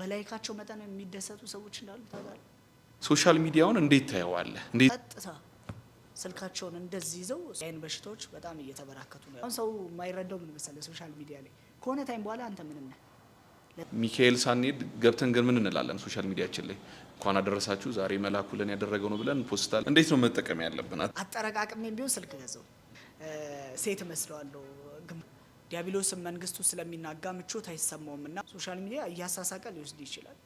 በላይካቸው መጠን የሚደሰቱ ሰዎች እንዳሉ ታውቃለህ። ሶሻል ሚዲያውን እንዴት ታየዋለህ? ቀጥታ ስልካቸውን እንደዚህ ይዘው ይህን በሽታዎች በጣም እየተበራከቱ ነው። አሁን ሰው የማይረዳው ምን መሰለህ፣ ሶሻል ሚዲያ ላይ ከሆነ ታይም በኋላ አንተ ምን ነህ። ሚካኤል ሳንሄድ ገብተን ግን ምን እንላለን? ሶሻል ሚዲያችን ላይ እንኳን አደረሳችሁ ዛሬ መላኩ ለን ያደረገው ነው ብለን ፖስታል። እንዴት ነው መጠቀም ያለብን? አጠረቃቅሜ ቢሆን ስልክ ገዘው ሴት እመስለዋለሁ ዲያብሎስን መንግስቱ ስለሚናጋ ምቾት አይሰማውም እና ሶሻል ሚዲያ እያሳሳቀ ሊወስድ ይችላል።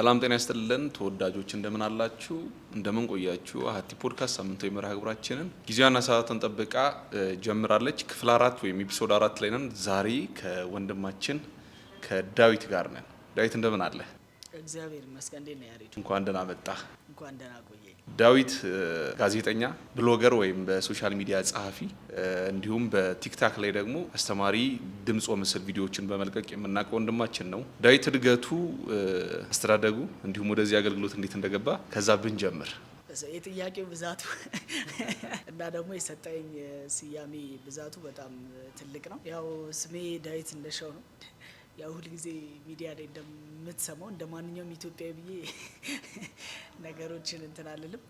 ሰላም ጤና ይስጥልን ተወዳጆች፣ እንደምን አላችሁ? እንደምን ቆያችሁ? አሀቲ ፖድካስት ሳምንታዊ መርሃ ግብራችንን ጊዜዋና ሰዓቷን ጠብቃ ጀምራለች። ክፍል አራት ወይም ኤፒሶድ አራት ላይ ነን። ዛሬ ከወንድማችን ከዳዊት ጋር ነን። ዳዊት እንደምን አለ? እግዚአብሔር ይመስገን። እንዴት ነው ያሬድ? እንኳን ደህና መጣ። እንኳን ደህና ዳዊት ጋዜጠኛ፣ ብሎገር ወይም በሶሻል ሚዲያ ጸሐፊ እንዲሁም በቲክታክ ላይ ደግሞ አስተማሪ ድምጾ ምስል ቪዲዮዎችን በመልቀቅ የምናውቀው ወንድማችን ነው። ዳዊት እድገቱ፣ አስተዳደጉ እንዲሁም ወደዚህ አገልግሎት እንዴት እንደገባ ከዛ ብንጀምር የጥያቄው ብዛቱ እና ደግሞ የሰጠኝ ስያሜ ብዛቱ በጣም ትልቅ ነው። ያው ስሜ ዳዊት እንደሻው ነው። ያው ሁልጊዜ ሚዲያ ላይ እንደምትሰማው እንደ ማንኛውም ኢትዮጵያ ብዬ ነገሮችን እንትን አልልም።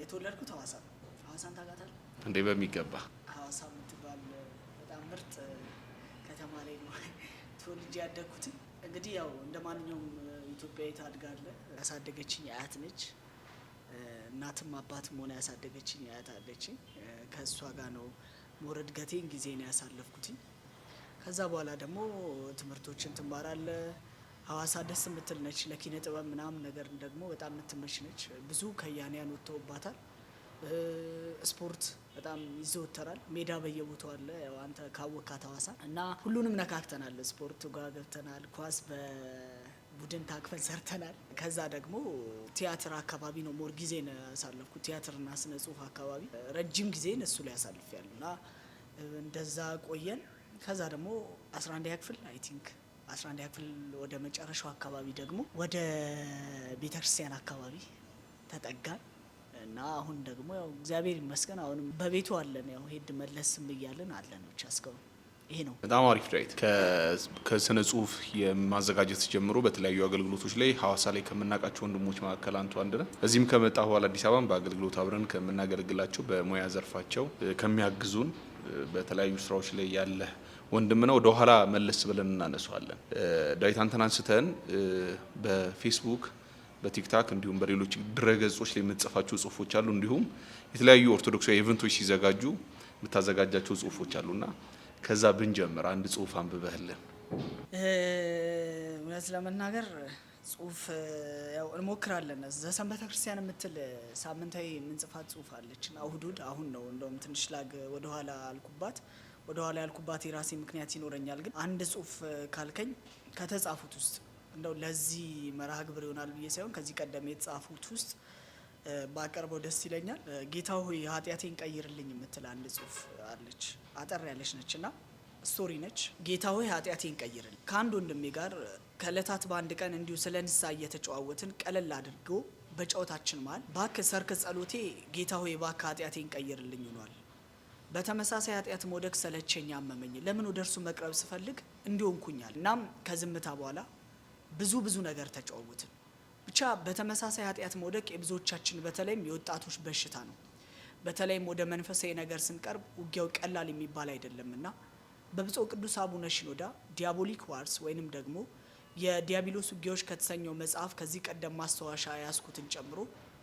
የተወለድኩት ሀዋሳ ነው። ሀዋሳን ታውቃታለህ እንዴ? በሚገባ ሀዋሳ የምትባል በጣም ምርጥ ከተማ ላይ ነው ተወልጄ ያደግኩትም። እንግዲህ ያው እንደ ማንኛውም ኢትዮጵያዊ ታድጋለህ። ያሳደገችኝ አያት ነች። እናትም አባትም ሆነ ያሳደገችኝ አያት አለችኝ። ከእሷ ጋር ነው መውረድ ጊዜ ነው ያሳለፍኩትኝ ከዛ በኋላ ደግሞ ትምህርቶችን ትማራለ። ሀዋሳ ደስ የምትል ነች ለኪነ ጥበብ ምናምን ነገር ደግሞ በጣም የምትመች ነች። ብዙ ከያንያን ወጥተውባታል። ስፖርት በጣም ይዘወተራል። ሜዳ በየቦታው አለ። ያው አንተ ካወካት ሀዋሳ እና ሁሉንም ነካክተናል። ስፖርት ጋር ገብተናል። ኳስ በቡድን ታቅፈን ሰርተናል። ከዛ ደግሞ ቲያትር አካባቢ ነው ሞር ጊዜን ያሳለፍኩት። ቲያትርና ስነ ጽሁፍ አካባቢ ረጅም ጊዜ እሱ ላይ ያሳልፍ ያሉ እና እንደዛ ቆየን። ከዛ ደግሞ 11ኛ ክፍል አይ ቲንክ 11ኛ ክፍል ወደ መጨረሻው አካባቢ ደግሞ ወደ ቤተክርስቲያን አካባቢ ተጠጋን እና አሁን ደግሞ ያው እግዚአብሔር ይመስገን አሁንም በቤቱ አለን። ያው ሄድ መለስም እያለን አለን ብቻ እስካሁን ይሄ ነው። በጣም አሪፍ ዳዊት። ከስነ ጽሁፍ የማዘጋጀት ጀምሮ በተለያዩ አገልግሎቶች ላይ ሀዋሳ ላይ ከምናውቃቸው ወንድሞች መካከል አንቱ አንድ ነህ። እዚህም ከመጣ በኋላ አዲስ አበባን በአገልግሎት አብረን ከምናገለግላቸው በሙያ ዘርፋቸው ከሚያግዙን በተለያዩ ስራዎች ላይ ያለህ ወንድም ነው። ወደ ኋላ መለስ ብለን እናነሷለን። ዳዊት አንተን አንስተን በፌስቡክ በቲክታክ እንዲሁም በሌሎች ድረገጾች ላይ የምትጽፋቸው ጽሁፎች አሉ። እንዲሁም የተለያዩ ኦርቶዶክሳዊ ኢቨንቶች ሲዘጋጁ የምታዘጋጃቸው ጽሁፎች አሉና ከዛ ብንጀምር አንድ ጽሁፍ አንብበህልን። እውነት ለመናገር ጽሁፍ ያው እንሞክራለን። ዘሰን ቤተክርስቲያን የምትል ሳምንታዊ የምንጽፋት ጽሁፍ አለች። እሁድ እሁድ አሁን ነው እንደውም ትንሽ ላግ ወደኋላ አልኩባት ወደኋላ ያልኩባት የራሴ ምክንያት ይኖረኛል። ግን አንድ ጽሁፍ ካልከኝ ከተጻፉት ውስጥ እንደው ለዚህ መርሃ ግብር ይሆናል ብዬ ሳይሆን ከዚህ ቀደም የተጻፉት ውስጥ ባቀርበው ደስ ይለኛል። ጌታ ሆይ ኃጢአቴን ቀይርልኝ የምትል አንድ ጽሁፍ አለች። አጠር ያለች ነች እና ስቶሪ ነች። ጌታ ሆይ ኃጢአቴን ቀይርልኝ። ከአንድ ወንድሜ ጋር ከእለታት በአንድ ቀን እንዲሁ ስለ ንሳ እየተጨዋወትን ቀለል አድርጎ በጨዋታችን መሃል ባክ ሰርክ ጸሎቴ ጌታ ሆይ ባክ ኃጢአቴን ቀይርልኝ ሆኗል። በተመሳሳይ ኃጢአት መውደቅ ሰለቸኝ፣ አመመኝ። ለምን ወደ እርሱ መቅረብ ስፈልግ እንዲሆንኩኛል። እናም ከዝምታ በኋላ ብዙ ብዙ ነገር ተጫወትን። ብቻ በተመሳሳይ ኃጢአት መውደቅ የብዙዎቻችን በተለይም የወጣቶች በሽታ ነው። በተለይም ወደ መንፈሳዊ ነገር ስንቀርብ ውጊያው ቀላል የሚባል አይደለምና በብፁዕ ቅዱስ አቡነ ሽኖዳ ዲያቦሊክ ዋርስ ወይንም ደግሞ የዲያብሎስ ውጊያዎች ከተሰኘው መጽሐፍ ከዚህ ቀደም ማስታወሻ ያስኩትን ጨምሮ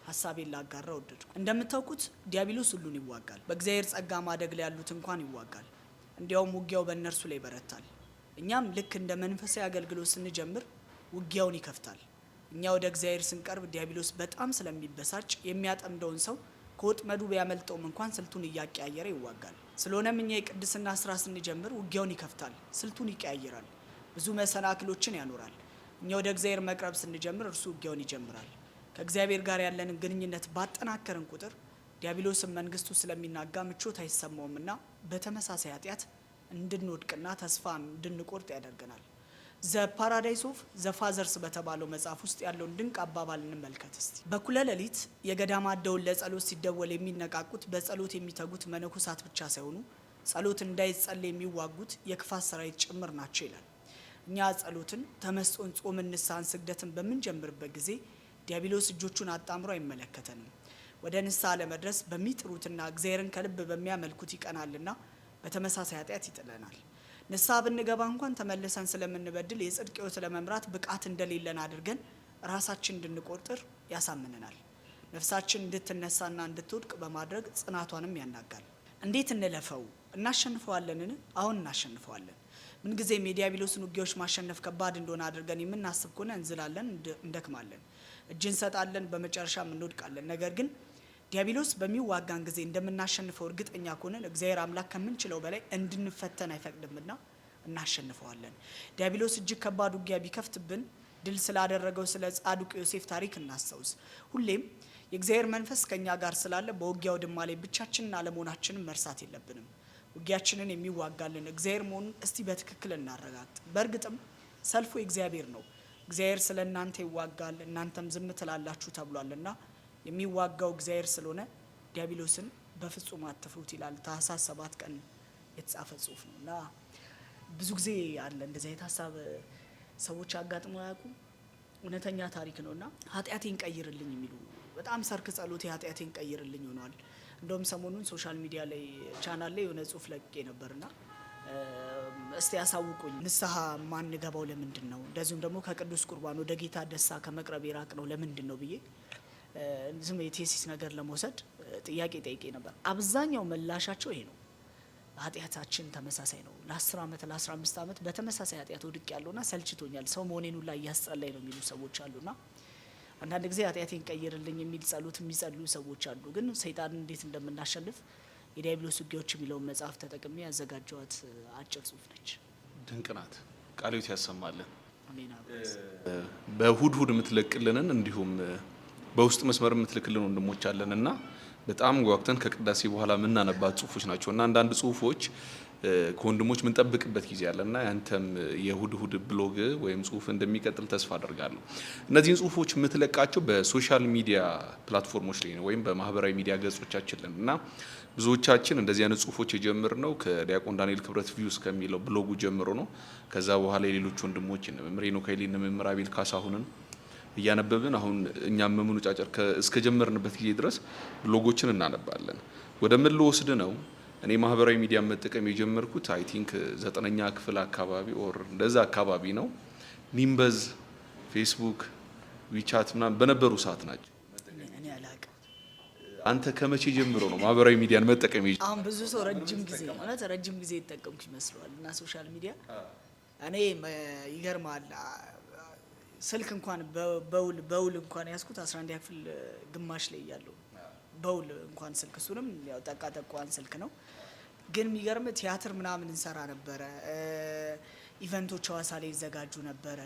ሀሳቤን ላጋራ ወደድኩ። እንደምታውቁት ዲያብሎስ ሁሉን ይዋጋል። በእግዚአብሔር ጸጋ ማደግ ላይ ያሉት እንኳን ይዋጋል። እንዲያውም ውጊያው በእነርሱ ላይ ይበረታል። እኛም ልክ እንደ መንፈሳዊ አገልግሎት ስንጀምር ውጊያውን ይከፍታል። እኛ ወደ እግዚአብሔር ስንቀርብ ዲያብሎስ በጣም ስለሚበሳጭ የሚያጠምደውን ሰው ከወጥመዱ ቢያመልጠውም እንኳን ስልቱን እያቀያየረ ይዋጋል። ስለሆነም እኛ የቅድስና ስራ ስንጀምር ውጊያውን ይከፍታል፣ ስልቱን ይቀያይራል፣ ብዙ መሰናክሎችን ያኖራል። እኛ ወደ እግዚአብሔር መቅረብ ስንጀምር እርሱ ውጊያውን ይጀምራል። ከእግዚአብሔር ጋር ያለንን ግንኙነት ባጠናከርን ቁጥር ዲያብሎስን መንግስቱ ስለሚናጋ ምቾት አይሰማውምና በተመሳሳይ ኃጢአት እንድንወድቅና ተስፋ እንድንቆርጥ ያደርገናል። ዘ ፓራዳይስ ኦፍ ዘ ፋዘርስ በተባለው መጽሐፍ ውስጥ ያለውን ድንቅ አባባል እንመልከት እስቲ። በኩለ ሌሊት የገዳማት ለጸሎት ሲደወል የሚነቃቁት በጸሎት የሚተጉት መነኮሳት ብቻ ሳይሆኑ ጸሎት እንዳይጸል የሚዋጉት የክፋት ሰራዊት ጭምር ናቸው ይላል። እኛ ጸሎትን፣ ተመስጦን፣ ጾምን፣ ንስሐን፣ ስግደትን በምንጀምርበት ጊዜ ዲያብሎስ እጆቹን አጣምሮ አይመለከተንም። ወደ ንስሐ ለመድረስ በሚጥሩትና እግዚአብሔርን ከልብ በሚያመልኩት ይቀናልና በተመሳሳይ ኃጢአት ይጥለናል። ንስሐ ብንገባ እንኳን ተመልሰን ስለምንበድል የጽድቅ ሕይወት ለመምራት ብቃት እንደሌለን አድርገን ራሳችን እንድንቆጥር ያሳምነናል። ነፍሳችን እንድትነሳና እንድትወድቅ በማድረግ ጽናቷንም ያናጋል። እንዴት እንለፈው? እናሸንፈዋለንን? አሁን እናሸንፈዋለን። ምንጊዜ የዲያብሎስን ውጊያዎች ማሸነፍ ከባድ እንደሆነ አድርገን የምናስብ ከሆነ እንዝላለን፣ እንደክማለን፣ እጅ እንሰጣለን፣ በመጨረሻም እንወድቃለን። ነገር ግን ዲያብሎስ በሚዋጋን ጊዜ እንደምናሸንፈው እርግጠኛ ከሆነን እግዚአብሔር አምላክ ከምንችለው በላይ እንድንፈተን አይፈቅድምና እናሸንፈዋለን። ዲያብሎስ እጅግ ከባድ ውጊያ ቢከፍትብን ድል ስላደረገው ስለ ጻድቁ ዮሴፍ ታሪክ እናስታውስ። ሁሌም የእግዚአብሔር መንፈስ ከኛ ጋር ስላለ በውጊያው ድማ ላይ ብቻችንን አለመሆናችንን መርሳት የለብንም። ውጊያችንን የሚዋጋልን እግዚአብሔር መሆኑን እስቲ በትክክል እናረጋግጥ። በእርግጥም ሰልፉ እግዚአብሔር ነው። እግዚአብሔር ስለ እናንተ ይዋጋል፣ እናንተም ዝም ትላላችሁ ተብሏልና የሚዋጋው እግዚአብሔር ስለሆነ ዲያብሎስን በፍጹም አትፍሩት ይላል። ታኅሳስ ሰባት ቀን የተጻፈ ጽሁፍ ነው እና ብዙ ጊዜ አለ እንደዚህ አይነት ሀሳብ ሰዎች አጋጥሞ አያውቁም። እውነተኛ ታሪክ ነው እና ኃጢአቴን ቀይርልኝ የሚሉ በጣም ሰርክ ጸሎቴ ኃጢአቴን ቀይርልኝ ሆኗል እንደውም ሰሞኑን ሶሻል ሚዲያ ላይ ቻናል ላይ የሆነ ጽሁፍ ለቅቄ ነበርና እስቲ ያሳውቁኝ ንስሐ ማንገባው ለምንድን ነው? እንደዚሁም ደግሞ ከቅዱስ ቁርባን ወደ ጌታ ደስታ ከመቅረብ የራቅ ነው ለምንድን ነው ብዬ ዝም የቴሲስ ነገር ለመውሰድ ጥያቄ ጠይቄ ነበር። አብዛኛው መላሻቸው ይሄ ነው። ኃጢአታችን ተመሳሳይ ነው። ለ10 ዓመት ለ15 ዓመት በተመሳሳይ ኃጢአት ውድቅ ያለውና ሰልችቶኛል፣ ሰው መሆኔን ሁላ እያስጠላኝ ነው የሚሉ ሰዎች አሉና አንዳንድ ጊዜ ኃጢአቴን ቀይርልኝ የሚል ጸሎት የሚጸልዩ ሰዎች አሉ። ግን ሰይጣን እንዴት እንደምናሸንፍ የዲያብሎስ ውጊያዎች የሚለውን መጽሐፍ ተጠቅሜ ያዘጋጀዋት አጭር ጽሁፍ ነች። ድንቅ ናት። ቃሉት ያሰማልን። በእሁድ የምትለቅልንን እንዲሁም በውስጥ መስመር የምትልክልን ወንድሞች አለን እና በጣም ጓጉተን ከቅዳሴ በኋላ የምናነባት ጽሁፎች ናቸው እና አንዳንድ ጽሁፎች ከወንድሞች ምንጠብቅበት ጊዜ አለ እና ያንተም የእሁድ እሁድ ብሎግ ወይም ጽሁፍ እንደሚቀጥል ተስፋ አደርጋለሁ። እነዚህን ጽሁፎች የምትለቃቸው በሶሻል ሚዲያ ፕላትፎርሞች ላይ ነው ወይም በማህበራዊ ሚዲያ ገጾቻችን ላይ እና ብዙዎቻችን እንደዚህ አይነት ጽሁፎች ነው ከዲያቆን ዳንኤል ክብረት ቪውስ ከሚለው ብሎጉ ጀምሮ ነው። ከዛ በኋላ የሌሎች ወንድሞች እነ መምህር ሄኖክ መምህር አቤል ካሳሁንን እያነበብን አሁን እኛ መምኑ ጫጨር እስከጀመርንበት ጊዜ ድረስ ብሎጎችን እናነባለን። ወደ ምን ልወስድ ነው እኔ ማህበራዊ ሚዲያ መጠቀም የጀመርኩት አይ ቲንክ ዘጠነኛ ክፍል አካባቢ ኦር እንደዛ አካባቢ ነው። ኒምበዝ፣ ፌስቡክ፣ ዊቻት ምናምን በነበሩ ሰዓት ናቸው። አንተ ከመቼ ጀምሮ ነው ማህበራዊ ሚዲያን መጠቀም? አሁን ብዙ ሰው ረጅም ጊዜ ማለት ረጅም ጊዜ ይጠቀምኩ ይመስለዋል። እና ሶሻል ሚዲያ እኔ ይገርማል ስልክ እንኳን በውል በውል እንኳን ያስኩት 11 ክፍል ግማሽ ላይ እያለሁ በውል እንኳን ስልክ እሱንም ያው ጠቃ ጠቋን ስልክ ነው። ግን የሚገርም ቲያትር ምናምን እንሰራ ነበረ። ኢቨንቶች ሀዋሳ ላይ ይዘጋጁ ነበረ።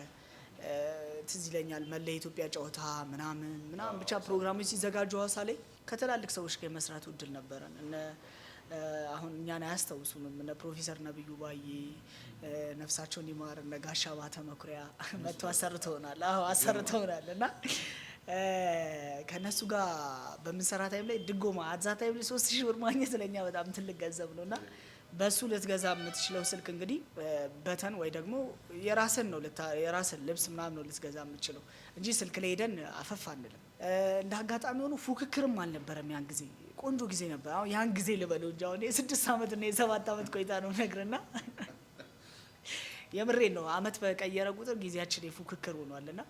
ትዝ ይለኛል መለ ኢትዮጵያ ጨዋታ ምናምን ምናምን ብቻ ፕሮግራሞች ሲዘጋጁ ሐዋሳ ላይ ከትላልቅ ሰዎች ጋር የመስራት እድል ነበረን። እነ አሁን እኛን አያስታውሱንም እነ ፕሮፌሰር ነብዩ ባዬ ነፍሳቸውን ይማር፣ እነ ጋሻ ባተ መኩሪያ መጥቶ አሰርተውናል። አዎ አሰርተውናል እና ከእነሱ ጋር በምንሰራ ታይም ላይ ድጎማ አዛ ታይም ላይ ሶስት ሺህ ብር ማግኘት ለኛ በጣም ትልቅ ገንዘብ ነው እና በእሱ ልትገዛ የምትችለው ስልክ እንግዲህ በተን ወይ ደግሞ የራስን ነው የራስን ልብስ ምናምን ነው ልትገዛ የምትችለው እንጂ ስልክ ላይ ሄደን አፈፍ አንልም። እንደ አጋጣሚ ሆኖ ፉክክርም አልነበረም። ያን ጊዜ ቆንጆ ጊዜ ነበር። አሁን ያን ጊዜ ልበለው እንጂ አሁን የስድስት ዓመት እና የሰባት ዓመት ቆይታ ነው ነግርና የምሬን ነው። አመት በቀየረ ቁጥር ጊዜያችን የፉክክር ና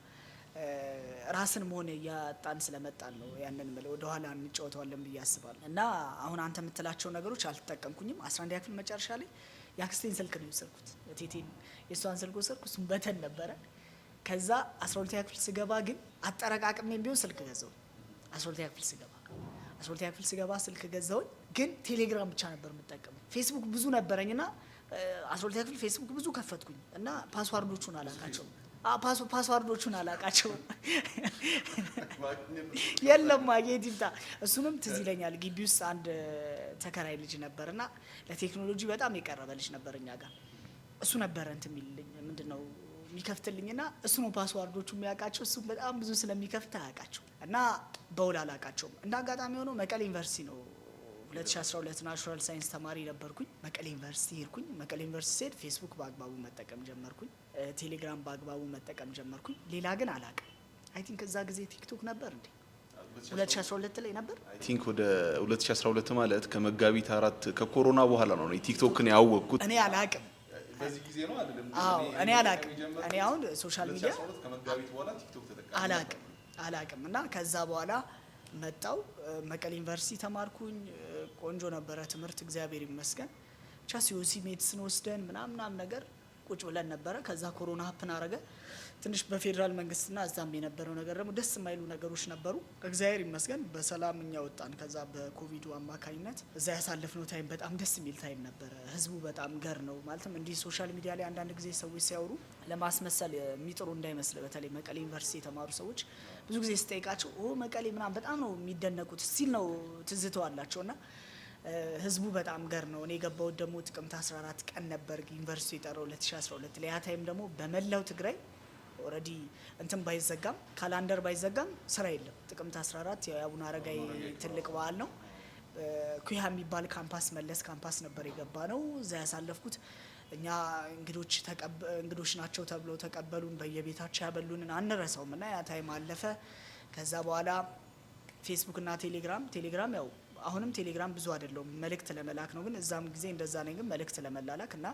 ራስን መሆን እያጣን ስለመጣን ነው። ያንን ምለ ወደኋላ እንጫወተዋለን ብዬ አስባለሁ። እና አሁን አንተ የምትላቸው ነገሮች አልተጠቀምኩኝም። አስራ አንድ ያክል መጨረሻ ላይ የአክስቴን ስልክ ነው የወሰድኩት። ቴቴን የእሷን ስልክ ወሰድኩ። እሱም በተን ነበረ። ከዛ አስራ ሁለተኛ ክፍል ስገባ ግን አጠረቃቅሜ ቢሆን ስልክ ገዛው። አስራ ሁለተኛ ክፍል ስገባ አስራ ሁለተኛ ክፍል ስገባ ስልክ ገዛውኝ። ግን ቴሌግራም ብቻ ነበር የምጠቀመው። ፌስቡክ ብዙ ነበረኝ እና አስራ ሁለተኛ ክፍል ፌስቡክ ብዙ ከፈትኩኝ እና ፓስዋርዶቹን አላውቃቸውም ፓስዋርዶቹን አላቃቸውም። የለም ማግኘት ይምጣ። እሱንም ትዝ ይለኛል ግቢ ውስጥ አንድ ተከራይ ልጅ ነበር እና ለቴክኖሎጂ በጣም የቀረበ ልጅ ነበር እኛ ጋር። እሱ ነበረ እንትን የሚልልኝ ምንድን ነው የሚከፍትልኝ እና እሱ ነው ፓስዋርዶቹ የሚያውቃቸው። እሱ በጣም ብዙ ስለሚከፍት አያውቃቸው እና በውል አላውቃቸውም። እንደ አጋጣሚ ሆኖ መቀሌ ዩኒቨርሲቲ ነው 2012 ናቹራል ሳይንስ ተማሪ ነበርኩኝ። መቀሌ ዩኒቨርሲቲ ሄድኩኝ። መቀሌ ዩኒቨርሲቲ ሄድ ፌስቡክ በአግባቡ መጠቀም ጀመርኩኝ። ቴሌግራም በአግባቡ መጠቀም ጀመርኩኝ። ሌላ ግን አላቅም። አይ ቲንክ እዛ ጊዜ ቲክቶክ ነበር እንዴ 2012 ላይ ነበር። አይ ቲንክ ወደ 2012 ማለት ከመጋቢት አራት ከኮሮና በኋላ ነው ቲክቶክን ያወቅኩት። እኔ አላቅም እኔ አላቅም እኔ አሁን ሶሻል ሚዲያ አላቅም አላቅም እና ከዛ በኋላ መጣው መቀሌ ዩኒቨርሲቲ ተማርኩኝ። ቆንጆ ነበረ ትምህርት እግዚአብሔር ይመስገን። ብቻ ሲዮሲ ሜድስን ወስደን ምናምናም ነገር ቁጭ ብለን ነበረ። ከዛ ኮሮና ሀፕን አረገ። ትንሽ በፌዴራል መንግስትና እዛም የነበረው ነገር ደግሞ ደስ የማይሉ ነገሮች ነበሩ። እግዚአብሔር ይመስገን በሰላም እኛ ወጣን። ከዛ በኮቪዱ አማካኝነት እዛ ያሳለፍነው ታይም በጣም ደስ የሚል ታይም ነበረ። ህዝቡ በጣም ገር ነው። ማለትም እንዲህ ሶሻል ሚዲያ ላይ አንዳንድ ጊዜ ሰዎች ሲያወሩ ለማስመሰል የሚጥሩ እንዳይመስል፣ በተለይ መቀሌ ዩኒቨርሲቲ የተማሩ ሰዎች ብዙ ጊዜ ስጠይቃቸው ኦ መቀሌ ምናምን በጣም ነው የሚደነቁት ሲል ነው ትዝተው እና ህዝቡ በጣም ገር ነው። እኔ የገባሁት ደግሞ ጥቅምት 14 ቀን ነበር ዩኒቨርሲቲ የጠራው 2012 ላይ ያታይም ደግሞ በመላው ትግራይ ኦልሬዲ እንትን ባይዘጋም ካላንደር ባይዘጋም ስራ የለም። ጥቅምት 14 የአቡነ አረጋይ ትልቅ በዓል ነው። ኩያ የሚባል ካምፓስ መለስ ካምፓስ ነበር የገባ ነው። እዛ ያሳለፍኩት እኛ እንግዶች እንግዶች ናቸው ተብለው ተቀበሉን፣ በየቤታቸው ያበሉንን አንረሳውም እና ያ ታይም አለፈ። ከዛ በኋላ ፌስቡክ እና ቴሌግራም ቴሌግራም ያው አሁንም ቴሌግራም ብዙ አይደለውም መልእክት ለመላክ ነው። ግን እዛም ጊዜ እንደዛ ነኝ። ግን መልእክት ለመላላክ እና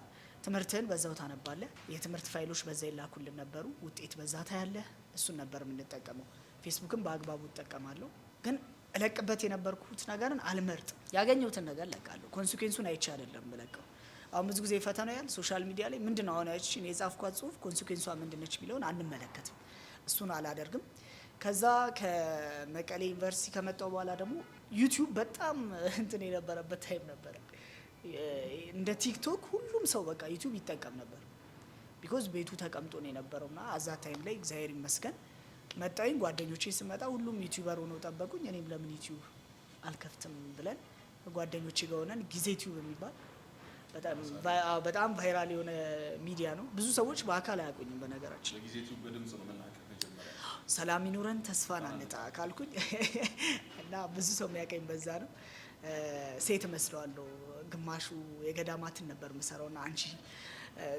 ትምህርትህን በዛው ታነባለህ። የትምህርት ፋይሎች በዛ ይላኩልን ነበሩ። ውጤት በዛ ታያለህ። እሱን ነበር የምንጠቀመው። ፌስቡክን በአግባቡ እጠቀማለሁ። ግን እለቅበት የነበርኩት ነገርን አልመርጥም። ያገኘሁትን ነገር ለቃለሁ። ኮንሲኩዌንሱን አይቼ አይደለም እለቀው። አሁን ብዙ ጊዜ ፈተና ያል ሶሻል ሚዲያ ላይ ምንድን ነው አሁን ያችን የጻፍኳት ጽሁፍ ኮንሲኩዌንሷ ምንድነች የሚለውን አንመለከትም። እሱን አላደርግም። ከዛ ከመቀሌ ዩኒቨርሲቲ ከመጣው በኋላ ደግሞ ዩቲዩብ በጣም እንትን የነበረበት ታይም ነበረ። እንደ ቲክቶክ ሁሉም ሰው በቃ ዩቲዩብ ይጠቀም ነበር። ቢኮዝ ቤቱ ተቀምጦ ነው የነበረው እና አዛ ታይም ላይ እግዚአብሔር ይመስገን መጣኝ። ጓደኞቼ ስመጣ ሁሉም ዩቲዩበር ሆነው ጠበቁኝ። እኔም ለምን ዩቲዩብ አልከፍትም ብለን ጓደኞቼ ጋር ሆነን ጊዜ ቲዩብ የሚባል በጣም ቫይራል የሆነ ሚዲያ ነው። ብዙ ሰዎች በአካል አያውቁኝም በነገራችን ጊዜ ቲዩብ በድምጽ ነው መናቀ ሰላም ይኑረን፣ ተስፋን አንጣ ካልኩኝ እና ብዙ ሰው የሚያቀኝ በዛ ነው። ሴት እመስለዋለሁ። ግማሹ የገዳማትን ነበር ምሰራውና አንቺ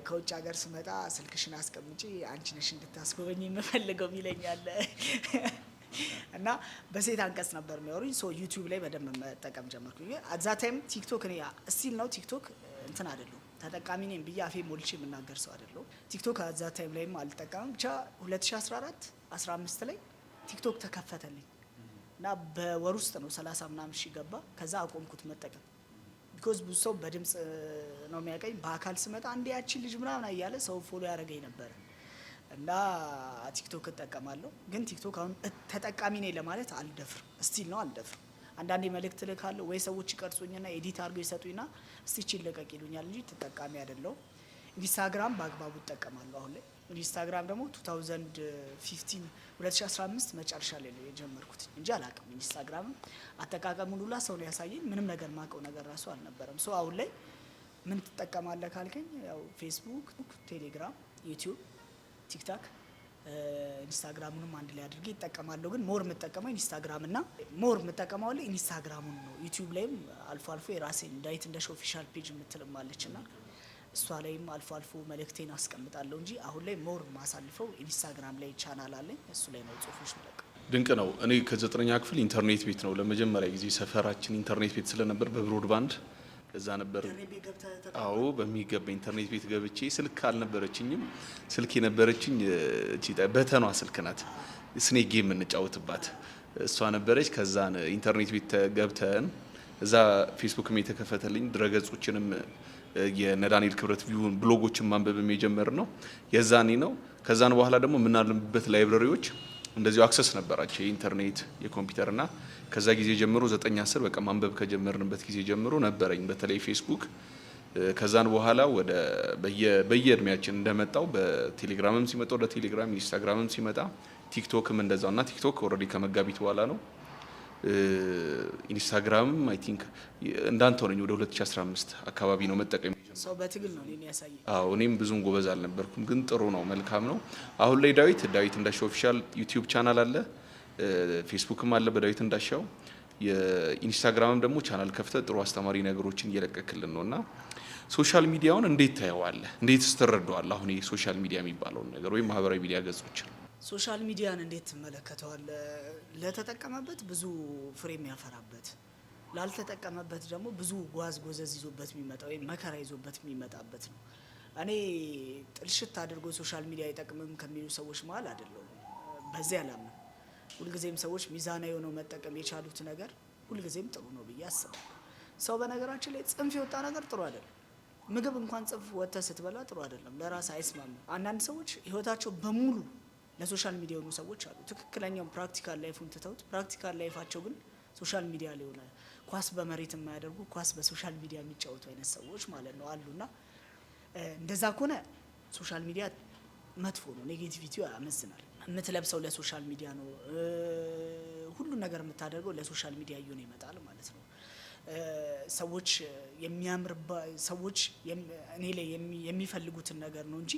ከውጭ ሀገር ስመጣ ስልክሽን አስቀምጪ አንቺ ነሽ እንድታስጎበኝ የምፈልገው ይለኛል። እና በሴት አንቀጽ ነበር የሚያወሩኝ። ሶ ዩቲዩብ ላይ በደንብ መጠቀም ጀመርኩ አዛ ታይም ቲክቶክ እኔ እስቲል ነው ቲክቶክ እንትን አይደለሁም ተጠቃሚ ነኝ ብዬ አፌ ሞልቼ የምናገር ሰው አይደለሁም። ቲክቶክ አዛ ታይም ላይም አልጠቀምም። ብቻ 2014 15 ላይ ቲክቶክ ተከፈተልኝ እና በወር ውስጥ ነው 30 ምናምን ሺ ገባ። ከዛ አቆምኩት መጠቀም ቢኮዝ ብዙ ሰው በድምፅ ነው የሚያቀኝ። በአካል ስመጣ እንደ ያቺን ልጅ ምናምን እያለ ሰው ፎሎ ያደረገኝ ነበረ እና ቲክቶክ እጠቀማለሁ። ግን ቲክቶክ አሁን ተጠቃሚ ነኝ ለማለት አልደፍርም። ስቲል ነው አልደፍርም። አንዳንዴ መልእክት ልካለሁ ወይ ሰዎች ይቀርጹኝና ኤዲት አድርገው ይሰጡኝና ስቲችን ልቀቅ ይሉኛል እንጂ ተጠቃሚ አይደለሁም። ኢንስታግራም በአግባቡ እጠቀማለሁ አሁን ላይ ኢንስታግራም ደግሞ 2015 2015 መጨረሻ ላይ ነው የጀመርኩት እንጂ አላውቅም። ኢንስታግራም አጠቃቀሙን ሁላ ሰው ነው ያሳየኝ። ምንም ነገር ማውቀው ነገር ራሱ አልነበረም። ሶ አሁን ላይ ምን ትጠቀማለህ ካልከኝ ያው ፌስቡክ፣ ቴሌግራም፣ ዩቲዩብ፣ ቲክታክ ኢንስታግራሙንም አንድ ላይ አድርጌ ይጠቀማለሁ። ግን ሞር የምጠቀመው ኢንስታግራም እና ሞር የምጠቀመው ኢንስታግራሙን ነው። ዩቲዩብ ላይም አልፎ አልፎ የራሴን ዳይት እንደሽ ኦፊሻል ፔጅ የምትልማለች እና እሷ ላይም አልፎ አልፎ መልእክቴን አስቀምጣለሁ እንጂ አሁን ላይ ሞር ማሳልፈው ኢንስታግራም ላይ ቻናል አለኝ። እሱ ላይ ነው ጽሁፎች ምለቅ። ድንቅ ነው። እኔ ከዘጠነኛ ክፍል ኢንተርኔት ቤት ነው ለመጀመሪያ ጊዜ ሰፈራችን ኢንተርኔት ቤት ስለነበር በብሮድባንድ እዛ ነበር። አዎ በሚገባ ኢንተርኔት ቤት ገብቼ ስልክ አልነበረችኝም። ስልክ የነበረችኝ በተኗ ስልክ ናት፣ ስኔክ ጌም የምንጫወትባት እሷ ነበረች። ከዛ ኢንተርኔት ቤት ገብተን እዛ ፌስቡክም የተከፈተልኝ ድረገጾችንም የነዳኒል ክብረት ቢሆን ብሎጎችን ማንበብም የጀመር ነው የዛኔ ነው። ከዛን በኋላ ደግሞ የምናልምበት ላይብረሪዎች እንደዚሁ አክሰስ ነበራቸው የኢንተርኔት የኮምፒውተርና ከዛ ጊዜ ጀምሮ ዘጠኝ አስር በቃ ማንበብ ከጀመርንበት ጊዜ ጀምሮ ነበረኝ በተለይ ፌስቡክ ከዛን በኋላ ወደ በየእድሜያችን እንደመጣው በቴሌግራምም ሲመጣ ወደ ቴሌግራም ኢንስታግራምም ሲመጣ ቲክቶክም እንደዛው እና ቲክቶክ ኦልሬዲ ከመጋቢት በኋላ ነው ኢንስታግራምም አይ ቲንክ እንዳንተው ነኝ ወደ 2015 አካባቢ ነው መጠቀም ሰው በትግል ነው እኔ አዎ እኔም ብዙም ጎበዝ አልነበርኩም፣ ግን ጥሩ ነው መልካም ነው። አሁን ላይ ዳዊት ዳዊት እንዳሻው ኦፊሻል ዩቲዩብ ቻናል አለ፣ ፌስቡክም አለ በዳዊት እንዳሻው የኢንስታግራምም ደግሞ ቻናል ከፍተ ጥሩ አስተማሪ ነገሮችን እየለቀክልን ነው እና ሶሻል ሚዲያውን እንዴት ታየዋለህ? እንዴት ስትረዳዋለህ? አሁን ሶሻል ሚዲያ የሚባለውን ነገር ወይም ማህበራዊ ሚዲያ ገጾችን ሶሻል ሚዲያን እንዴት ትመለከተዋል? ለተጠቀመበት ብዙ ፍሬ የሚያፈራበት ላልተጠቀመበት ደግሞ ብዙ ጓዝ ጎዘዝ ይዞበት የሚመጣ ወይም መከራ ይዞበት የሚመጣበት ነው። እኔ ጥልሽት አድርጎ ሶሻል ሚዲያ አይጠቅምም ከሚሉ ሰዎች መሀል አይደለሁም። በዚህ አላምንም። ሁልጊዜም ሰዎች ሚዛናዊ የሆነው መጠቀም የቻሉት ነገር ሁልጊዜም ጥሩ ነው ብዬ አስባለሁ። ሰው በነገራችን ላይ ጽንፍ የወጣ ነገር ጥሩ አይደለም። ምግብ እንኳን ጽንፍ ወጥተህ ስትበላ ጥሩ አይደለም፣ ለራስ አይስማም አንዳንድ ሰዎች ህይወታቸው በሙሉ ለሶሻል ሚዲያ የሆኑ ሰዎች አሉ። ትክክለኛውን ፕራክቲካል ላይፉን ትተውት ፕራክቲካል ላይፋቸው ግን ሶሻል ሚዲያ ላይ ሆነ ኳስ በመሬት የማያደርጉ ኳስ በሶሻል ሚዲያ የሚጫወቱ አይነት ሰዎች ማለት ነው አሉና እንደዛ ከሆነ ሶሻል ሚዲያ መጥፎ ነው፣ ኔጌቲቪቲ ያመዝናል። የምትለብሰው ለሶሻል ሚዲያ ነው፣ ሁሉን ነገር የምታደርገው ለሶሻል ሚዲያ እየሆነ ይመጣል ማለት ነው። ሰዎች የሚያምር ሰዎች እኔ ላይ የሚፈልጉትን ነገር ነው እንጂ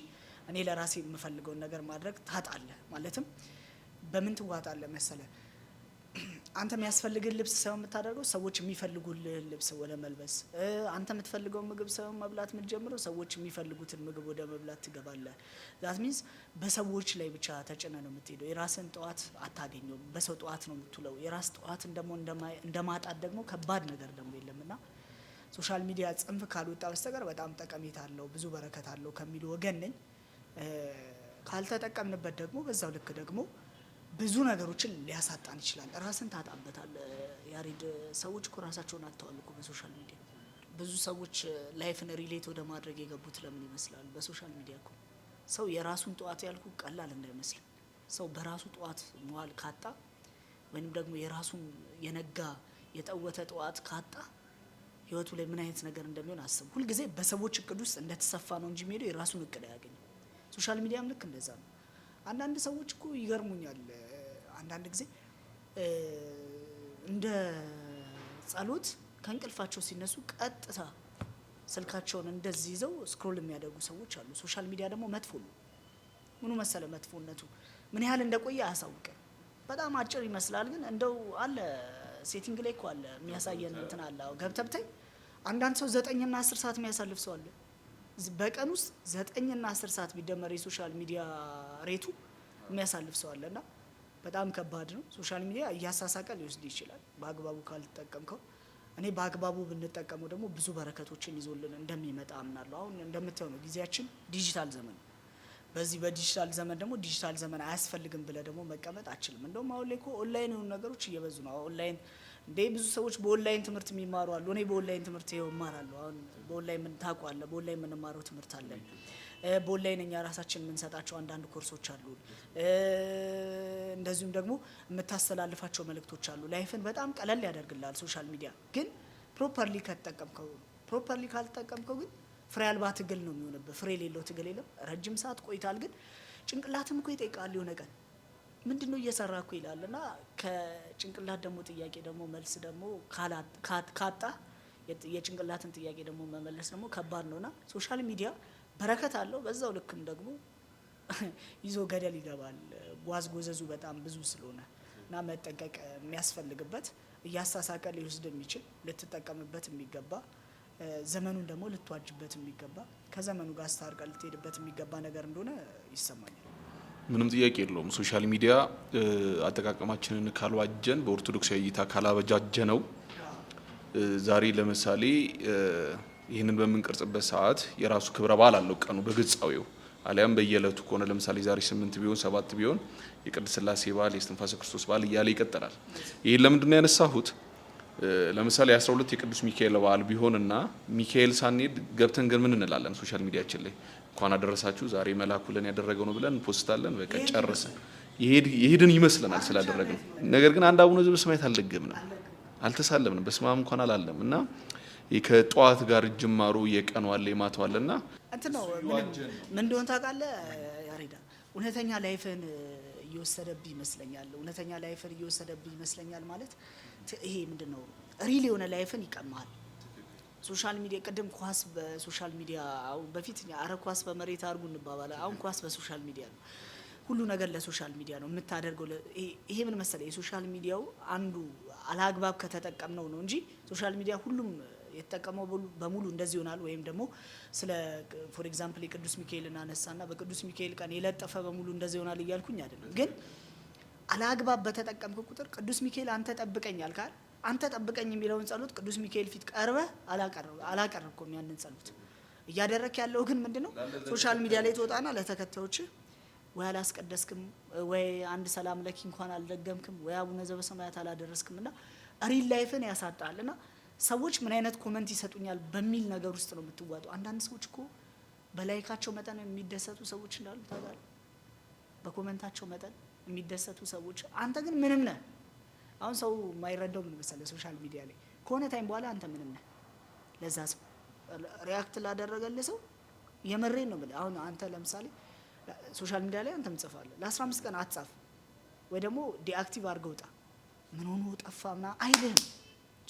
እኔ ለራሴ የምፈልገውን ነገር ማድረግ ታጣለህ። ማለትም በምን ትዋጣለ መሰለ አንተ የሚያስፈልግህ ልብስ ሰው የምታደርገው ሰዎች የሚፈልጉልህን ልብስ ወደ መልበስ፣ አንተ የምትፈልገው ምግብ ሰው መብላት የምትጀምረው ሰዎች የሚፈልጉትን ምግብ ወደ መብላት ትገባለህ። ዛት ሚንስ በሰዎች ላይ ብቻ ተጭነ ነው የምትሄደው። የራስን ጠዋት አታገኘው፣ በሰው ጠዋት ነው የምትውለው። የራስ ጠዋትን ደግሞ እንደማጣት ደግሞ ከባድ ነገር ደግሞ የለም እና ሶሻል ሚዲያ ጽንፍ ካልወጣ በስተቀር በጣም ጠቀሜታ አለው፣ ብዙ በረከት አለው ከሚሉ ወገን ነኝ። ካልተጠቀምንበት ደግሞ በዛው ልክ ደግሞ ብዙ ነገሮችን ሊያሳጣን ይችላል። ራስን ታጣበታል። ያሬድ ሰዎች እኮ ራሳቸውን አጥተዋል እኮ በሶሻል ሚዲያ። ብዙ ሰዎች ላይፍን ሪሌት ወደ ማድረግ የገቡት ለምን ይመስላል? በሶሻል ሚዲያ እኮ ሰው የራሱን ጠዋት ያልኩ ቀላል እንዳይመስል ሰው በራሱ ጠዋት መዋል ካጣ ወይም ደግሞ የራሱን የነጋ የጠወተ ጠዋት ካጣ ህይወቱ ላይ ምን አይነት ነገር እንደሚሆን አስቡ። ሁልጊዜ በሰዎች እቅድ ውስጥ እንደተሰፋ ነው እንጂ የሚሄደው የራሱን እቅድ አያገኝ ሶሻል ሚዲያም ልክ እንደዛ ነው። አንዳንድ ሰዎች እኮ ይገርሙኛል። አንዳንድ ጊዜ እንደ ጸሎት ከእንቅልፋቸው ሲነሱ ቀጥታ ስልካቸውን እንደዚህ ይዘው ስክሮል የሚያደርጉ ሰዎች አሉ። ሶሻል ሚዲያ ደግሞ መጥፎ ነው። ምኑ መሰለ መጥፎነቱ ምን ያህል እንደቆየ አያሳውቅም። በጣም አጭር ይመስላል፣ ግን እንደው አለ ሴቲንግ ላይ እኮ አለ የሚያሳየን እንትን አለ ገብተብተኝ አንዳንድ ሰው ዘጠኝና አስር ሰዓት የሚያሳልፍ ሰው አለ። በቀን ውስጥ ዘጠኝና አስር ሰዓት ቢደመር የሶሻል ሚዲያ ሬቱ የሚያሳልፍ ሰው ና በጣም ከባድ ነው። ሶሻል ሚዲያ እያሳሳቀ ሊወስድ ይችላል በአግባቡ ካልተጠቀምከው። እኔ በአግባቡ ብንጠቀመው ደግሞ ብዙ በረከቶችን ይዞልን እንደሚመጣ አምናለሁ። አሁን እንደምታየው ነው ጊዜያችን ዲጂታል ዘመን ነው። በዚህ በዲጂታል ዘመን ደግሞ ዲጂታል ዘመን አያስፈልግም ብለህ ደግሞ መቀመጥ አችልም። እንደውም አሁን ላይ እኮ ኦንላይን የሆኑ ነገሮች እየበዙ ነው። ኦንላይን እንዴ ብዙ ሰዎች በኦንላይን ትምህርት የሚማሩ አሉ። እኔ በኦንላይን ትምህርት ይኸው እማራለሁ። አሁን በኦንላይን ምን ታውቋለህ? በኦንላይን የምንማረው ትምህርት አለ። በኦንላይን እኛ ራሳችን የምንሰጣቸው አንዳንድ ኮርሶች አሉ። እንደዚሁም ደግሞ የምታስተላልፋቸው መልእክቶች አሉ። ላይፍን በጣም ቀለል ያደርግልሃል። ሶሻል ሚዲያ ግን ፕሮፐርሊ ከተጠቀምከው፣ ፕሮፐርሊ ካልተጠቀምከው ግን ፍሬ አልባ ትግል ነው የሚሆንብህ። ፍሬ የሌለው ትግል የለም። ረጅም ሰዓት ቆይታል። ግን ጭንቅላትም እኮ ይጠይቃል የሆነ ቀን ምንድን ነው እየሰራ ይላል። እና ከጭንቅላት ደግሞ ጥያቄ ደግሞ መልስ ደግሞ ካጣ የጭንቅላትን ጥያቄ ደግሞ መመለስ ደግሞ ከባድ ነውና ሶሻል ሚዲያ በረከት አለው፣ በዛው ልክም ደግሞ ይዞ ገደል ይገባል። ጓዝ ጎዘዙ በጣም ብዙ ስለሆነ እና መጠንቀቅ የሚያስፈልግበት እያሳሳቀ ሊወስድ የሚችል ልትጠቀምበት የሚገባ ዘመኑን ደግሞ ልትዋጅበት የሚገባ ከዘመኑ ጋር ስታርቀ ልትሄድበት የሚገባ ነገር እንደሆነ ይሰማኛል። ምንም ጥያቄ የለውም። ሶሻል ሚዲያ አጠቃቀማችንን ካልዋጀን፣ በኦርቶዶክሳዊ እይታ ካላበጃጀ ነው ዛሬ ለምሳሌ ይህንን በምንቀርጽበት ሰዓት የራሱ ክብረ በዓል አለው ቀኑ በግጻዊው አሊያም በየዕለቱ ከሆነ ለምሳሌ ዛሬ ስምንት ቢሆን ሰባት ቢሆን የቅድስት ሥላሴ በዓል የእስትንፋሰ ክርስቶስ በዓል እያለ ይቀጥላል። ይህን ለምንድን ነው ያነሳሁት? ለምሳሌ አስራ ሁለት የቅዱስ ሚካኤል በዓል ቢሆንና ሚካኤል ሳንሄድ ገብተን ግን ምን እንላለን? ሶሻል ሚዲያችን ላይ እንኳን አደረሳችሁ ዛሬ ለን ያደረገው ነው ብለን ፖስታለን። በቃ ጨርሰ ይሄድን ይመስለናል ስላደረግን። ነገር ግን አንድ አቡነ ዘበሰማያት አልደገምንም፣ አልተሳለምንም፣ በስማም እንኳን አላለም እና ከጠዋት ጋር ጅማሩ የቀኑ አለ የማቱ አለ እና እንትን ነው ምን እንደሆነ ታውቃለህ ያሬዳ እውነተኛ ላይፍን እየወሰደብ ይመስለኛል። እውነተኛ ላይፍን እየወሰደብ ይመስለኛል። ማለት ይሄ ምንድን ነው? ሪል የሆነ ላይፍን ይቀማል። ሶሻል ሚዲያ ቅድም ኳስ በሶሻል ሚዲያ አሁን በፊት አረ ኳስ በመሬት አድርጉ እንባባለ አሁን ኳስ በሶሻል ሚዲያ ነው። ሁሉ ነገር ለሶሻል ሚዲያ ነው የምታደርገው። ይሄ ምን መሰለ የሶሻል ሚዲያው አንዱ አላግባብ ከተጠቀምነው ነው እንጂ ሶሻል ሚዲያ ሁሉም የተጠቀመው በሙሉ እንደዚህ ይሆናል። ወይም ደግሞ ስለ ፎር ኤግዛምፕል የቅዱስ ሚካኤልን አነሳና በቅዱስ ሚካኤል ቀን የለጠፈ በሙሉ እንደዚህ ይሆናል እያልኩኝ አይደለም። ግን አላግባብ በተጠቀምክ ቁጥር ቅዱስ ሚካኤል አንተ ጠብቀኝ አልካል። አንተ ጠብቀኝ የሚለውን ጸሎት ቅዱስ ሚካኤል ፊት ቀርበ አላቀረብኩም። ያንን ጸሎት እያደረክ ያለው ግን ምንድን ነው? ሶሻል ሚዲያ ላይ ትወጣና ለተከታዮች ወይ አላስቀደስክም፣ ወይ አንድ ሰላም ለኪ እንኳን አልደገምክም፣ ወይ አቡነ ዘበሰማያት አላደረስክም እና ሪል ላይፍን ያሳጣል እና ሰዎች ምን አይነት ኮመንት ይሰጡኛል በሚል ነገር ውስጥ ነው የምትዋጡ። አንዳንድ ሰዎች እኮ በላይካቸው መጠን የሚደሰቱ ሰዎች እንዳሉ ታውቃለህ። በኮመንታቸው መጠን የሚደሰቱ ሰዎች፣ አንተ ግን ምንም ነህ። አሁን ሰው የማይረዳው ምን መሰለህ፣ ሶሻል ሚዲያ ላይ ከሆነ ታይም በኋላ አንተ ምንም ነህ ለዛ ሰው ሪያክት ላደረገል ሰው የመሬን ነው የምልህ። አሁን አንተ ለምሳሌ ሶሻል ሚዲያ ላይ አንተ ምጽፋለህ ለ15 ቀን አትጻፍ፣ ወይ ደግሞ ዲአክቲቭ አድርገው ጣ ምን ሆኖ ጠፋ ምናምን አይልህም።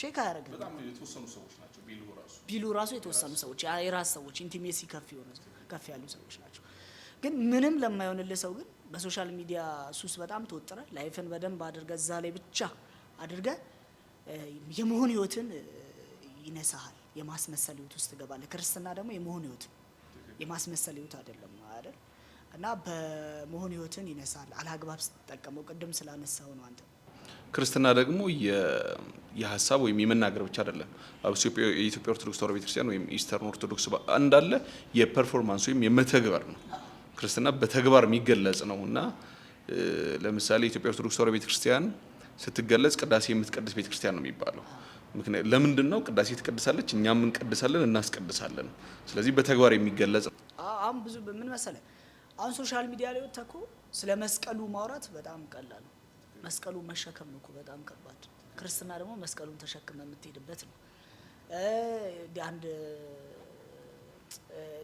ቼክ አያደርግም። በጣም የተወሰኑ ሰዎች ናቸው። ቢሉ ራሱ ቢሉ ራሱ የተወሰኑ ሰዎች የራስ ሰዎች ኢንቲሜሲ ከፍ የሆነ ከፍ ያሉ ሰዎች ናቸው። ግን ምንም ለማይሆንልህ ሰው ግን በሶሻል ሚዲያ ሱስ በጣም ተወጥረ ላይፍን በደንብ አድርገ እዛ ላይ ብቻ አድርገ የመሆን ህይወትን ይነሳሃል። የማስመሰል ህይወት ውስጥ ትገባለህ። ክርስትና ደግሞ የመሆን ህይወት የማስመሰል ህይወት አይደለም አይደል? እና በመሆን ህይወትን ይነሳል። አላግባብ ስትጠቀመው ቅድም ስላነሳው ነው አንተ ክርስትና ደግሞ የሀሳብ ወይም የመናገር ብቻ አይደለም። የኢትዮጵያ ኦርቶዶክስ ተዋሕዶ ቤተክርስቲያን ወይም ኢስተርን ኦርቶዶክስ እንዳለ የፐርፎርማንስ ወይም የመተግበር ነው። ክርስትና በተግባር የሚገለጽ ነው እና ለምሳሌ ኢትዮጵያ ኦርቶዶክስ ተዋሕዶ ቤተክርስቲያን ስትገለጽ ቅዳሴ የምትቀድስ ቤተክርስቲያን ነው የሚባለው። ምክንያት ለምንድን ነው? ቅዳሴ ትቀድሳለች፣ እኛም እንቀድሳለን፣ እናስቀድሳለን። ስለዚህ በተግባር የሚገለጽ ነው። አሁን ብዙ ምን መሰለ አሁን ሶሻል ሚዲያ ላይ ወጥተህ እኮ ስለ መስቀሉ ማውራት በጣም ቀላል ነው። መስቀሉ መሸከም ነው እኮ በጣም ከባድ። ክርስትና ደግሞ መስቀሉን ተሸክመ የምትሄድበት ነው። አንድ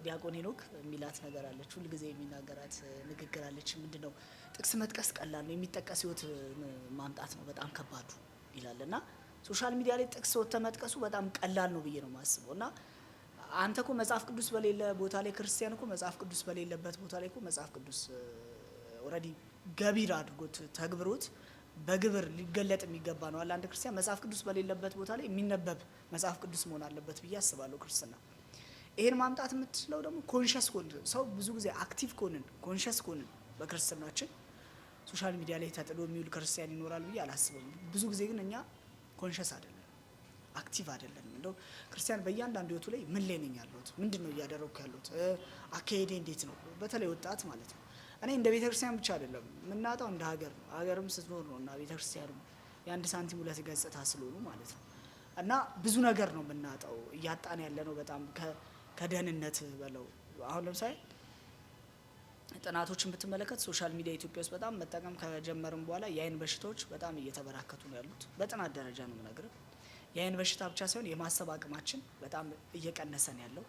ዲያቆን ሄኖክ የሚላት ነገር አለች፣ ሁልጊዜ የሚናገራት ንግግር አለች። ምንድን ነው ጥቅስ መጥቀስ ቀላል ነው፣ የሚጠቀስ ህይወት ማምጣት ነው በጣም ከባዱ ይላል እና ሶሻል ሚዲያ ላይ ጥቅስ ወጥተ መጥቀሱ በጣም ቀላል ነው ብዬ ነው የማስበው እና አንተ እኮ መጽሐፍ ቅዱስ በሌለ ቦታ ላይ ክርስቲያን እኮ መጽሐፍ ቅዱስ በሌለበት ቦታ ላይ እኮ መጽሐፍ ቅዱስ ኦልሬዲ ገቢር አድርጎት ተግብሮት በግብር ሊገለጥ የሚገባ ነው አለ አንድ ክርስቲያን። መጽሐፍ ቅዱስ በሌለበት ቦታ ላይ የሚነበብ መጽሐፍ ቅዱስ መሆን አለበት ብዬ አስባለሁ ክርስትና። ይሄን ማምጣት የምትችለው ደግሞ ኮንሸስ ኮን ሰው ብዙ ጊዜ አክቲቭ ኮንን ኮንሸስ ኮንን በክርስትናችን ሶሻል ሚዲያ ላይ ተጥሎ የሚውል ክርስቲያን ይኖራል ብዬ አላስብም። ብዙ ጊዜ ግን እኛ ኮንሸስ አይደለም፣ አክቲቭ አይደለም። እንደው ክርስቲያን በእያንዳንዱ ህይወቱ ላይ ምን ላይ ነኝ ያለሁት፣ ምንድን ነው እያደረግኩ ያለሁት፣ አካሄዴ እንዴት ነው፣ በተለይ ወጣት ማለት ነው እኔ እንደ ቤተክርስቲያን ብቻ አይደለም የምናጣው እንደ ሀገር ነው። ሀገርም ስትኖር ነው እና ቤተክርስቲያኑ የአንድ ሳንቲም ሁለት ገጽታ ስለሆኑ ማለት ነው እና ብዙ ነገር ነው የምናጣው እያጣን ያለ ነው። በጣም ከደህንነት በለው አሁን ለምሳሌ ጥናቶችን ብትመለከት ሶሻል ሚዲያ ኢትዮጵያ ውስጥ በጣም መጠቀም ከጀመርም በኋላ የአይን በሽታዎች በጣም እየተበራከቱ ነው ያሉት። በጥናት ደረጃ ነው የምነግርህ። የአይን በሽታ ብቻ ሳይሆን የማሰብ አቅማችን በጣም እየቀነሰ ነው ያለው።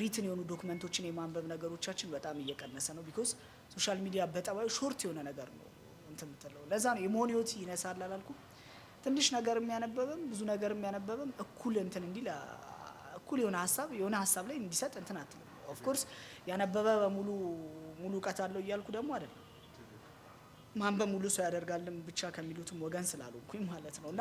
ሪትን የሆኑ ዶክመንቶችን የማንበብ ነገሮቻችን በጣም እየቀነሰ ነው። ቢኮዝ ሶሻል ሚዲያ በጠባዩ ሾርት የሆነ ነገር ነው እንትን የምትለው ለዛ ነው የመሆን ህይወት ይነሳል አላልኩም። ትንሽ ነገር የሚያነበብም ብዙ ነገር የሚያነበብም እኩል እንትን እንዲል እኩል የሆነ ሀሳብ የሆነ ሀሳብ ላይ እንዲሰጥ እንትን አትልም። ኦፍኮርስ ያነበበ በሙሉ ሙሉ እውቀት አለው እያልኩ ደግሞ አይደለም። ማንበብ ሙሉ ሰው ያደርጋልም ብቻ ከሚሉትም ወገን ስላልሆንኩኝ ማለት ነው እና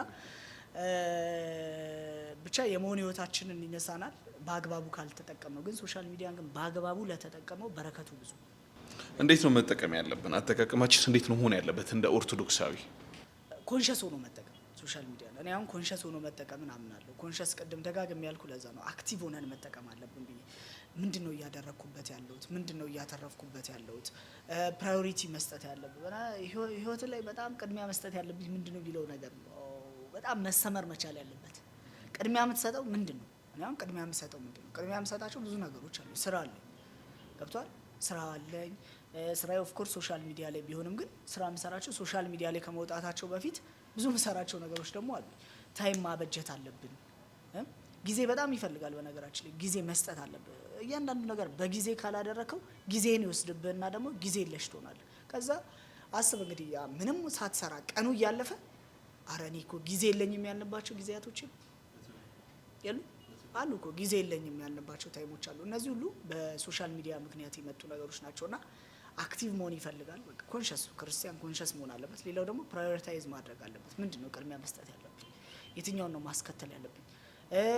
ብቻ የመሆን ህይወታችንን ይነሳናል። በአግባቡ ካልተጠቀመው ግን ሶሻል ሚዲያን ግን በአግባቡ ለተጠቀመው በረከቱ ብዙ። እንዴት ነው መጠቀም ያለብን? አጠቃቀማችን እንዴት ነው መሆን ያለበት? እንደ ኦርቶዶክሳዊ ኮንሸስ ሆኖ መጠቀም ሶሻል ሚዲያ እኔ አሁን ኮንሸስ ሆኖ መጠቀምን አምናለሁ። ኮንሸስ ቅድም ደጋግሜ ያልኩ ለዛ ነው አክቲቭ ሆነን መጠቀም አለብን ብዬ ምንድን ነው እያደረግኩበት ያለሁት? ምንድን ነው እያተረፍኩበት ያለሁት? ፕራዮሪቲ መስጠት ያለብን ህይወት ላይ በጣም ቅድሚያ መስጠት ያለብኝ ምንድን ነው የሚለው ነገር ነው በጣም መሰመር መቻል ያለበት። ቅድሚያ የምትሰጠው ምንድን ነው? እኔም ቅድሚያ የምትሰጠው ምንድን ነው? ቅድሚያ የምትሰጣቸው ብዙ ነገሮች አሉ። ስራ አለ ገብቷል። ስራ አለኝ። ስራዬ ኦፍኮርስ ሶሻል ሚዲያ ላይ ቢሆንም ግን ስራ የምሰራቸው ሶሻል ሚዲያ ላይ ከመውጣታቸው በፊት ብዙ የምሰራቸው ነገሮች ደግሞ አሉ። ታይም ማበጀት አለብን። ጊዜ በጣም ይፈልጋል። በነገራችን ላይ ጊዜ መስጠት አለብን። እያንዳንዱ ነገር በጊዜ ካላደረከው ጊዜን ይወስድብህና ደግሞ ጊዜ የለሽ ትሆናለህ። ከዛ አስብ እንግዲህ ምንም ሳትሰራ ቀኑ እያለፈ አረ እኔ እኮ ጊዜ የለኝም ያልንባቸው ጊዜያቶችን የሉ አሉ እኮ ጊዜ የለኝም ያልንባቸው ታይሞች አሉ። እነዚህ ሁሉ በሶሻል ሚዲያ ምክንያት የመጡ ነገሮች ናቸው እና አክቲቭ መሆን ይፈልጋል። ኮንሸስ ክርስቲያን ኮንሸስ መሆን አለበት። ሌላው ደግሞ ፕራዮሪታይዝ ማድረግ አለበት። ምንድን ነው ቅድሚያ መስጠት ያለብኝ? የትኛውን ነው ማስከተል ያለብኝ?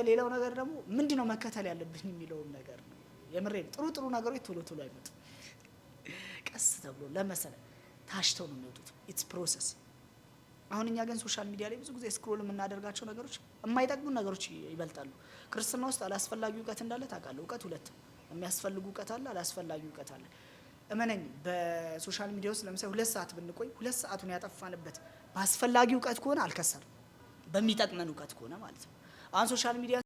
ሌላው ነገር ደግሞ ምንድን ነው መከተል ያለብኝ የሚለውም ነገር ነው። የምሬ ጥሩ ጥሩ ነገሮች ቶሎ ቶሎ አይመጡም። ቀስ ተብሎ ለመሰለ ታሽተው ነው የሚወጡት። ኢትስ ፕሮሰስ አሁን እኛ ግን ሶሻል ሚዲያ ላይ ብዙ ጊዜ ስክሮል የምናደርጋቸው ነገሮች የማይጠቅሙ ነገሮች ይበልጣሉ። ክርስትና ውስጥ አላስፈላጊ እውቀት እንዳለ ታውቃለህ። እውቀት ሁለት የሚያስፈልጉ እውቀት አለ፣ አላስፈላጊ እውቀት አለ። እመነኝ፣ በሶሻል ሚዲያ ውስጥ ለምሳሌ ሁለት ሰዓት ብንቆይ ሁለት ሰዓቱን ያጠፋንበት በአስፈላጊ እውቀት ከሆነ አልከሰርም፣ በሚጠቅመን እውቀት ከሆነ ማለት ነው። አሁን ሶሻል ሚዲያ